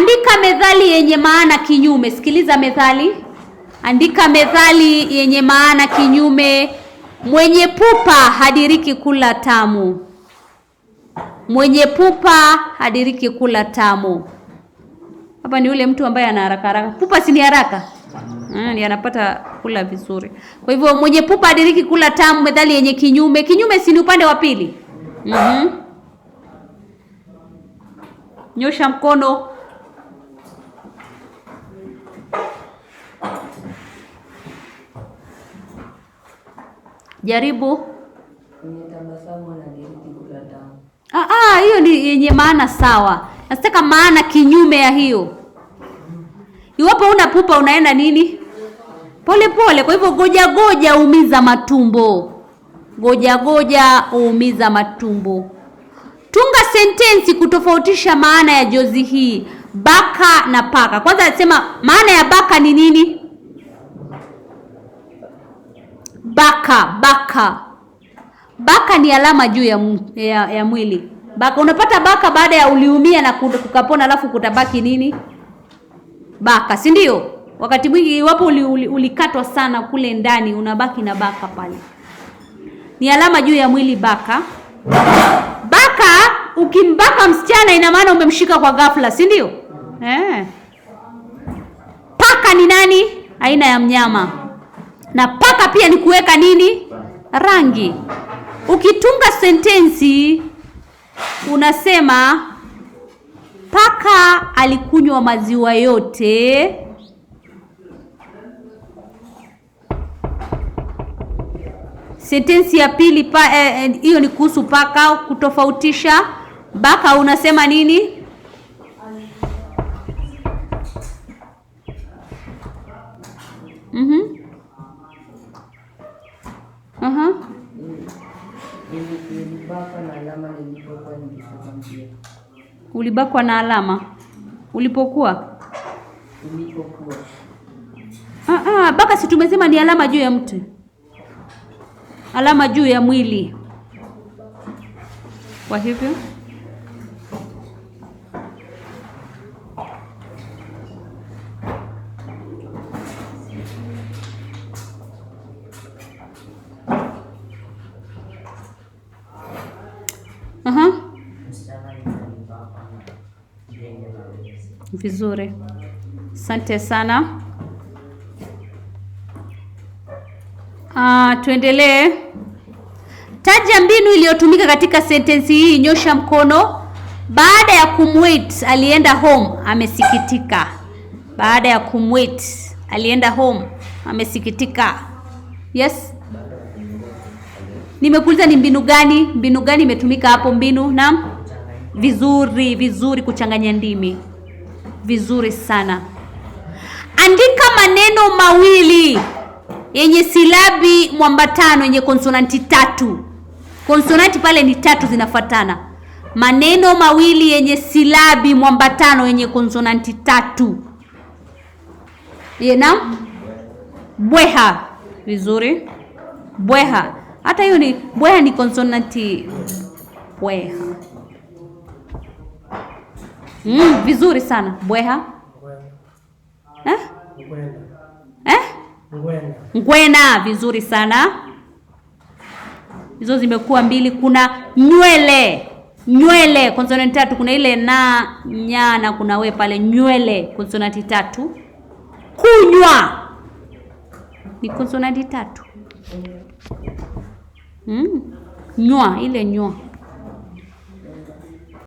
Andika methali yenye maana kinyume. Sikiliza methali, andika methali yenye maana kinyume. Mwenye pupa hadiriki kula tamu. Mwenye pupa hadiriki kula tamu. Hapa ni yule mtu ambaye ana haraka haraka. Pupa si ni haraka? Ah, ni anapata kula vizuri. Kwa hivyo mwenye pupa hadiriki kula tamu, methali yenye kinyume. Kinyume si ni upande wa pili? Mhm. Nyosha mkono. jaribu. Ah, ah, hiyo ni yenye maana sawa. Nasitaka maana kinyume ya hiyo. Iwapo una pupa unaenda nini? Pole pole. Kwa hivyo goja goja umiza matumbo. Goja goja uumiza matumbo. Tunga sentensi kutofautisha maana ya jozi hii, baka na paka. Kwanza nasema maana ya baka ni nini? baka baka baka ni alama juu ya, ya, ya mwili baka. Unapata baka baada ya uliumia na kukapona, alafu kutabaki nini? Baka, si ndio? Wakati mwingi iwapo ulikatwa uli, uli sana kule ndani, unabaki na baka pale. Ni alama juu ya mwili baka. Baka ukimbaka msichana, ina maana umemshika kwa ghafla, si ndio? Eh. Paka ni nani? Aina ya mnyama na paka pia ni kuweka nini rangi. Ukitunga sentensi unasema paka alikunywa maziwa yote Sentensi ya pili eh, eh, hiyo eh, ni kuhusu paka kutofautisha. Baka unasema nini? Mhm. Mm. Aha. Ulibakwa na alama ulipokuwa? Ulipokuwa. Ah, baka si tumesema ni alama juu ya mtu, alama juu ya mwili, kwa hivyo Vizuri, asante sana. Ah, tuendelee. Taja mbinu iliyotumika katika sentensi hii, nyosha mkono. Baada ya kumwait alienda home, amesikitika. Baada ya kumwait alienda home, amesikitika. Yes, nimekuuliza ni mbinu gani, mbinu gani imetumika hapo? Mbinu naam vizuri vizuri, kuchanganya ndimi vizuri sana. Andika maneno mawili yenye silabi mwambatano yenye konsonanti tatu. Konsonanti pale ni tatu zinafuatana. Maneno mawili yenye silabi mwambatano yenye konsonanti tatu. Yena bweha vizuri, bweha. Hata hiyo ni bweha, ni konsonanti bweha. Mm, vizuri sana bweha eh? Ngwena. Eh? vizuri sana hizo zimekuwa mbili. Kuna nywele nywele konsonanti tatu, kuna ile na nyana, kuna we pale, nywele konsonanti tatu. Kunywa ni konsonanti tatu mm. Nywa ile nywa